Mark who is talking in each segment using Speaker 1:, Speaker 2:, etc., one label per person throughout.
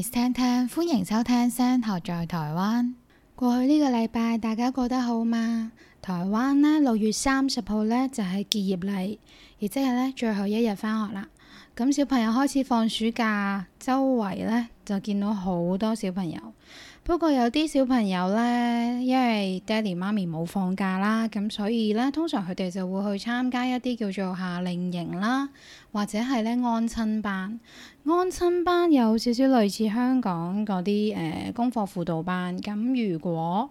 Speaker 1: 聽聽，tan, 歡迎收聽聲台在台灣。過去呢個禮拜，大家過得好嗎？台灣呢，六月三十號呢，就係、是、結業禮，亦即係呢最後一日返學啦。咁小朋友開始放暑假，周圍咧就見到好多小朋友。不過有啲小朋友咧，因為爹哋媽咪冇放假啦，咁所以咧通常佢哋就會去參加一啲叫做夏令營啦，或者係咧安親班。安親班有少少類似香港嗰啲呃功課輔導班。咁如果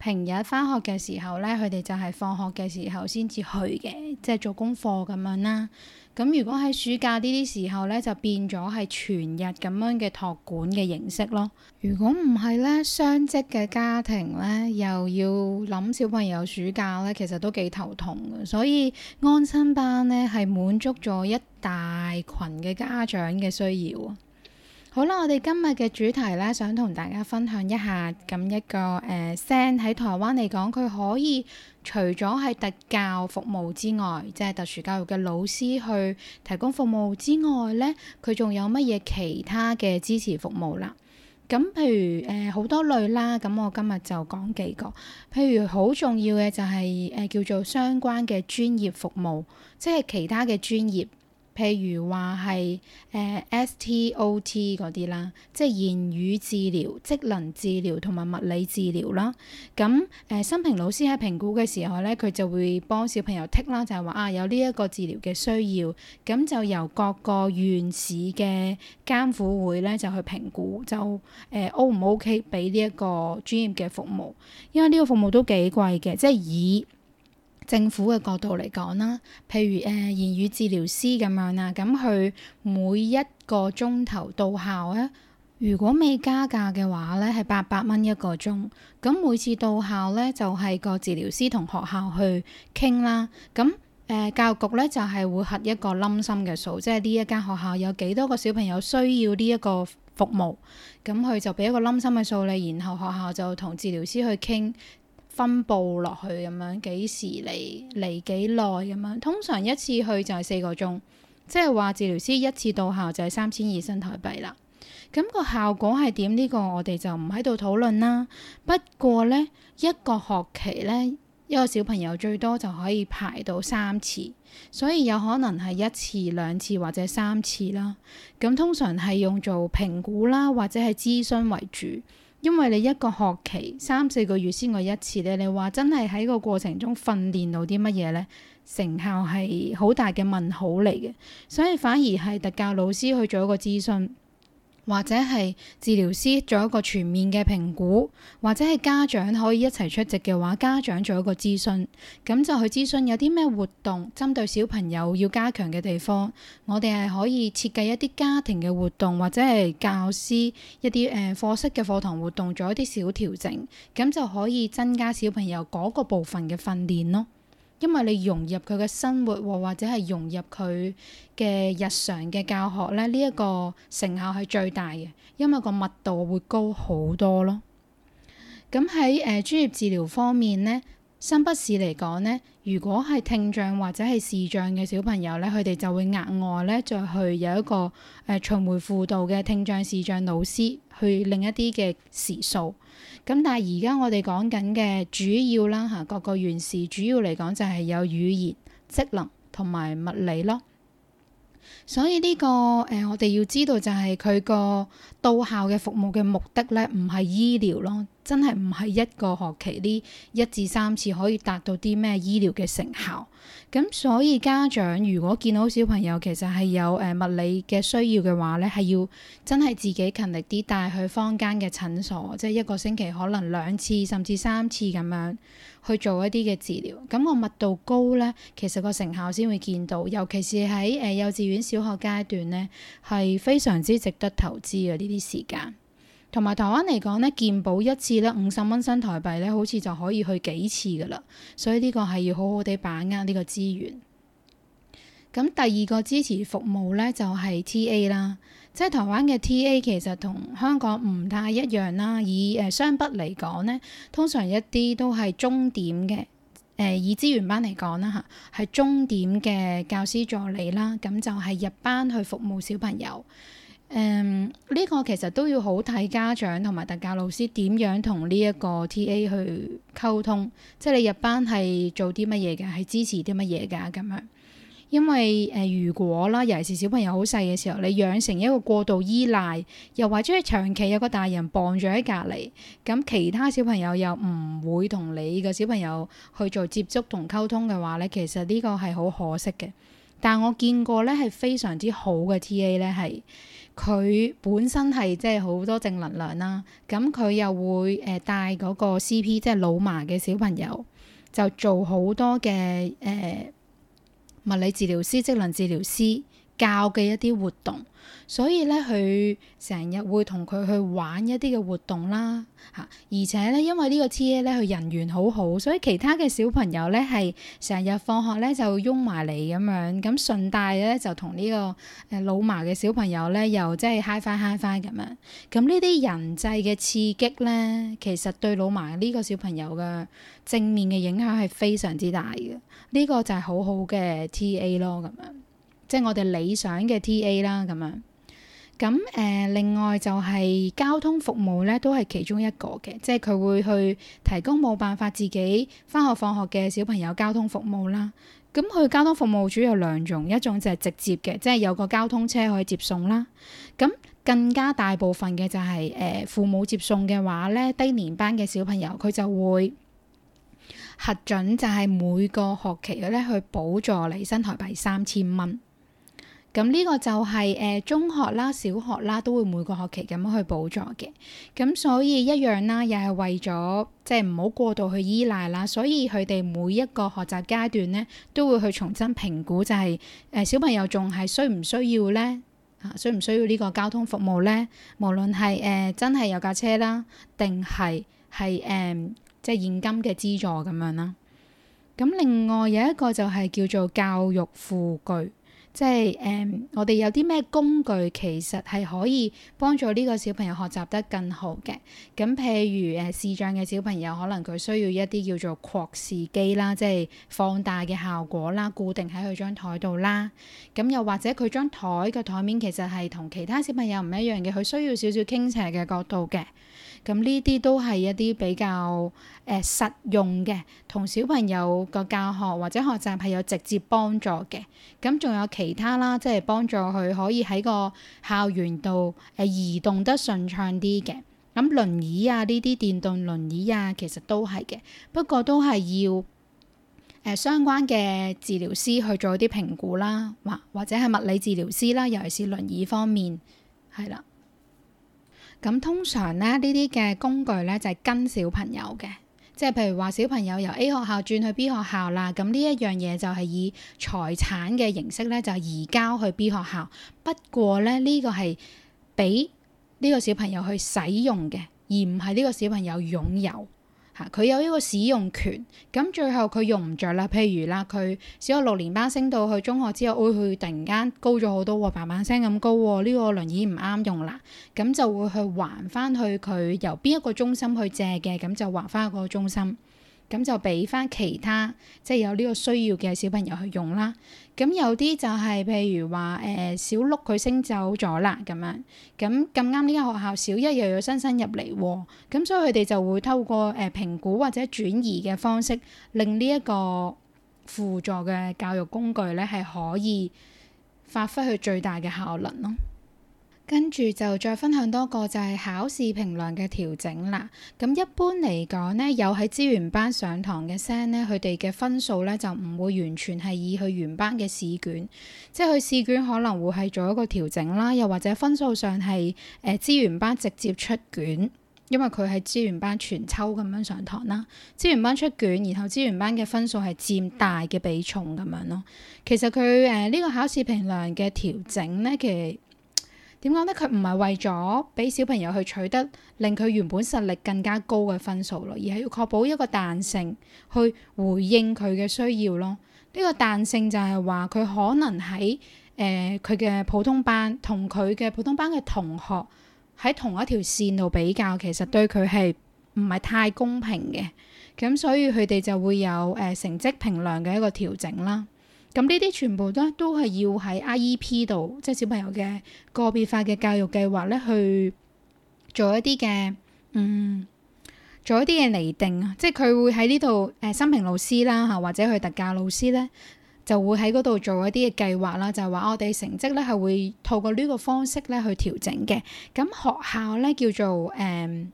Speaker 1: 平日翻學嘅時候咧，佢哋就係放學嘅時候先至去嘅，即係做功課咁樣啦。咁如果喺暑假呢啲時候咧，就變咗係全日咁樣嘅托管嘅形式咯。如果唔係咧，雙職嘅家庭咧，又要諗小朋友暑假咧，其實都幾頭痛嘅。所以安親班咧，係滿足咗一大群嘅家長嘅需要。好啦，我哋今日嘅主題咧，想同大家分享一下咁一個誒 SEN 喺台灣嚟講，佢可以除咗係特教服務之外，即係特殊教育嘅老師去提供服務之外咧，佢仲有乜嘢其他嘅支持服務啦？咁譬如誒好多類啦，咁我今日就講幾個，譬如好重要嘅就係誒叫做相關嘅專業服務，即係其他嘅專業。譬如話係誒 S T O T 嗰啲啦，即係言語治療、職能治療同埋物理治療啦。咁誒，心、呃、評老師喺評估嘅時候咧，佢就會幫小朋友剔啦，就係話啊有呢一個治療嘅需要。咁就由各個縣市嘅鑑輔會咧就去評估，就誒 O 唔 O K 俾呢一個專業嘅服務。因為呢個服務都幾貴嘅，即係以，政府嘅角度嚟講啦，譬如誒、呃、言語治療師咁樣啦，咁佢每一個鐘頭到校咧，如果未加價嘅話咧，係八百蚊一個鐘。咁每次到校咧，就係、是、個治療師同學校去傾啦。咁誒、呃、教育局咧就係、是、會核一個冧心嘅數，即係呢一間學校有幾多個小朋友需要呢一個服務。咁佢就俾一個冧心嘅數你，然後學校就同治療師去傾。分布落去咁樣，幾時嚟嚟幾耐咁樣？通常一次去就係四個鐘，即係話治療師一次到校就係三千二新台幣啦。咁個效果係點呢，個我哋就唔喺度討論啦。不過咧，一個學期咧，一個小朋友最多就可以排到三次，所以有可能係一次、兩次或者三次啦。咁通常係用做評估啦，或者係諮詢為主。因為你一個學期三四個月先去一,一次咧，你話真係喺個過程中訓練到啲乜嘢咧？成效係好大嘅問號嚟嘅，所以反而係特教老師去做一個諮詢。或者係治療師做一個全面嘅評估，或者係家長可以一齊出席嘅話，家長做一個諮詢，咁就去諮詢有啲咩活動針對小朋友要加強嘅地方，我哋係可以設計一啲家庭嘅活動，或者係教師一啲誒課室嘅課堂活動做一啲小調整，咁就可以增加小朋友嗰個部分嘅訓練咯。因為你融入佢嘅生活，或者係融入佢嘅日常嘅教學咧，呢一個成效係最大嘅，因為個密度會高好多咯。咁喺誒專業治療方面咧，新北市嚟講呢，如果係聽障或者係視障嘅小朋友呢，佢哋就會額外呢，再去有一個誒巡迴輔導嘅聽障視障老師去另一啲嘅時數。咁但係而家我哋講緊嘅主要啦嚇，各個縣市主要嚟講就係有語言職能、同埋物理咯。所以呢、這個誒、呃，我哋要知道就係佢個到校嘅服務嘅目的呢，唔係醫療咯。真係唔係一個學期呢一至三次可以達到啲咩醫療嘅成效？咁所以家長如果見到小朋友其實係有誒、呃、物理嘅需要嘅話呢係要真係自己勤力啲帶去坊間嘅診所，即係一個星期可能兩次甚至三次咁樣去做一啲嘅治療。咁個密度高呢，其實個成效先會見到。尤其是喺誒、呃、幼稚園小學階段呢，係非常之值得投資嘅呢啲時間。同埋台灣嚟講呢，健保一次呢，五十蚊新台幣呢，好似就可以去幾次㗎喇，所以呢個係要好好地把握呢個資源。咁第二個支持服務呢，就係、是、TA 啦，即係台灣嘅 TA 其實同香港唔太一樣啦。以誒、呃、雙北嚟講呢，通常一啲都係鐘點嘅誒、呃，以資源班嚟講啦嚇，係、啊、鐘點嘅教師助理啦，咁就係入班去服務小朋友。誒呢、um, 個其實都要好睇家長同埋特教老師點樣同呢一個 T.A. 去溝通，即係你入班係做啲乜嘢㗎，係支持啲乜嘢㗎咁樣。因為誒、呃，如果啦，尤其是小朋友好細嘅時候，你養成一個過度依賴，又或者長期有個大人傍著喺隔籬，咁其他小朋友又唔會同你個小朋友去做接觸同溝通嘅話咧，其實呢個係好可惜嘅。但我見過咧，係非常之好嘅 T.A. 咧，係。佢本身係即係好多正能量啦，咁佢又會誒帶嗰個 CP，即係腦麻嘅小朋友，就做好多嘅誒、呃、物理治療師、職能治療師教嘅一啲活動，所以咧佢成日會同佢去玩一啲嘅活動啦嚇，而且咧因為呢個 T A 咧佢人緣好好，所以其他嘅小朋友咧係成日放學咧就擁埋嚟咁樣，咁順帶咧就同呢個誒老麻嘅小朋友咧又真係 high 翻 high 翻咁樣。咁呢啲人際嘅刺激咧，其實對老麻呢個小朋友嘅正面嘅影響係非常之大嘅，呢個就係好好嘅 T A 咯咁樣。即係我哋理想嘅 TA 啦，咁樣。咁誒、呃，另外就係交通服務咧，都係其中一個嘅。即係佢會去提供冇辦法自己返學放學嘅小朋友交通服務啦。咁佢交通服務主要有兩種，一種就係直接嘅，即係有個交通車可以接送啦。咁更加大部分嘅就係、是、誒、呃、父母接送嘅話咧，低年班嘅小朋友佢就會核准就係每個學期咧去補助你新台幣三千蚊。咁呢個就係、是、誒、呃、中學啦、小學啦，都會每個學期咁樣去補助嘅。咁、嗯、所以一樣啦，又係為咗即係唔好過度去依賴啦。所以佢哋每一個學習階段咧，都會去重新評估、就是，就係誒小朋友仲係需唔需要咧？啊，需唔需要呢個交通服務咧？無論係誒真係有架車啦，定係係誒即係現金嘅資助咁樣啦。咁、嗯、另外有一個就係叫做教育輔具。即係誒、嗯，我哋有啲咩工具其實係可以幫助呢個小朋友學習得更好嘅。咁譬如誒、呃，視障嘅小朋友可能佢需要一啲叫做擴視機啦，即係放大嘅效果啦，固定喺佢張台度啦。咁又或者佢張台嘅台面其實係同其他小朋友唔一樣嘅，佢需要少少傾斜嘅角度嘅。咁呢啲都係一啲比較誒實用嘅，同小朋友個教學或者學習係有直接幫助嘅。咁仲有其他啦，即係幫助佢可以喺個校園度誒移動得順暢啲嘅。咁輪椅啊，呢啲電動輪椅啊，其實都係嘅，不過都係要誒相關嘅治療師去做一啲評估啦，或或者係物理治療師啦，尤其是輪椅方面，係啦。咁通常咧，呢啲嘅工具咧就係跟小朋友嘅，即係譬如話小朋友由 A 學校轉去 B 學校啦，咁呢一樣嘢就係以財產嘅形式咧就移交去 B 學校。不過咧，呢個係俾呢個小朋友去使用嘅，而唔係呢個小朋友擁有。佢有一個使用權，咁最後佢用唔著啦。譬如啦，佢小學六年班升到去中學之後，會佢突然間高咗好多喎、哦，叭叭聲咁高喎、哦，呢、這個輪椅唔啱用啦，咁就會去還翻去佢由邊一個中心去借嘅，咁就還翻去嗰個中心。咁就俾翻其他即係、就是、有呢個需要嘅小朋友去用啦。咁有啲就係、是、譬如話誒、呃、小六佢升走咗啦咁樣。咁咁啱呢間學校小一又有新生入嚟，咁、哦、所以佢哋就會透過誒、呃、評估或者轉移嘅方式，令呢一個輔助嘅教育工具咧係可以發揮佢最大嘅效能咯。跟住就再分享多個就係考試評量嘅調整啦。咁一般嚟講呢，有喺資源班上堂嘅生呢，佢哋嘅分數呢就唔會完全係以佢原班嘅試卷，即係佢試卷可能會係做一個調整啦，又或者分數上係誒資源班直接出卷，因為佢係資源班全抽咁樣上堂啦。資源班出卷，然後資源班嘅分數係佔大嘅比重咁樣咯。其實佢誒呢個考試評量嘅調整呢，其實～點講咧？佢唔係為咗俾小朋友去取得令佢原本實力更加高嘅分數咯，而係要確保一個彈性去回應佢嘅需要咯。呢、這個彈性就係話佢可能喺誒佢嘅普通班同佢嘅普通班嘅同學喺同一條線度比較，其實對佢係唔係太公平嘅。咁所以佢哋就會有誒、呃、成績評量嘅一個調整啦。咁呢啲全部咧都係要喺 I.E.P. 度，即係小朋友嘅個別化嘅教育計劃咧，去做一啲嘅，嗯，做一啲嘅釐定，即係佢會喺呢度誒，心平老師啦嚇，或者去特教老師咧，就會喺嗰度做一啲嘅計劃啦，就係話我哋成績咧係會透過呢個方式咧去調整嘅。咁學校咧叫做誒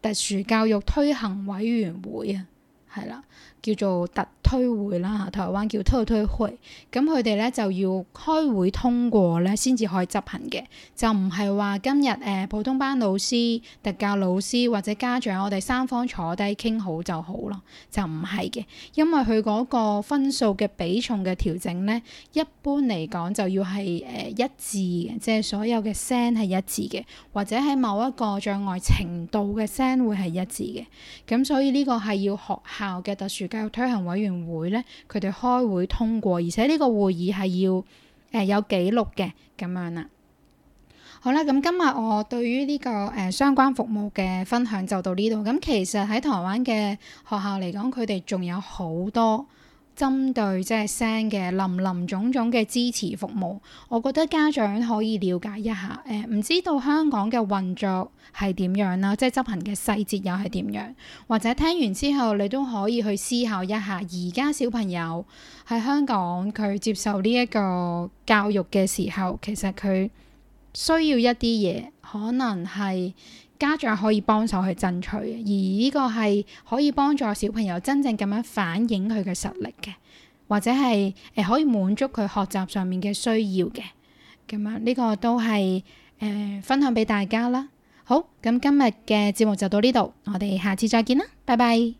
Speaker 1: 特殊教育推行委員會啊，係啦。叫做特推會啦，台灣叫特推會。咁佢哋咧就要開會通過咧，先至可以執行嘅。就唔係話今日誒、呃、普通班老師、特教老師或者家長，我哋三方坐低傾好就好咯。就唔係嘅，因為佢嗰個分數嘅比重嘅調整咧，一般嚟講就要係誒、呃、一致嘅，即係所有嘅聲係一致嘅，或者喺某一個障礙程度嘅聲會係一致嘅。咁所以呢個係要學校嘅特殊。教育推行委員會咧，佢哋開會通過，而且呢個會議係要誒、呃、有記錄嘅咁樣啦。好啦，咁今日我對於呢、這個誒、呃、相關服務嘅分享就到呢度。咁其實喺台灣嘅學校嚟講，佢哋仲有好多。針對即係 SEN 嘅林林種種嘅支持服務，我覺得家長可以了解一下。誒、呃，唔知道香港嘅運作係點樣啦，即係執行嘅細節又係點樣，或者聽完之後你都可以去思考一下。而家小朋友喺香港佢接受呢一個教育嘅時候，其實佢需要一啲嘢，可能係。家長可以幫手去爭取，而呢個係可以幫助小朋友真正咁樣反映佢嘅實力嘅，或者係誒、呃、可以滿足佢學習上面嘅需要嘅。咁樣呢、啊呢個都係誒、呃、分享俾大家啦。好，咁今日嘅節目就到呢度，我哋下次再見啦，拜拜。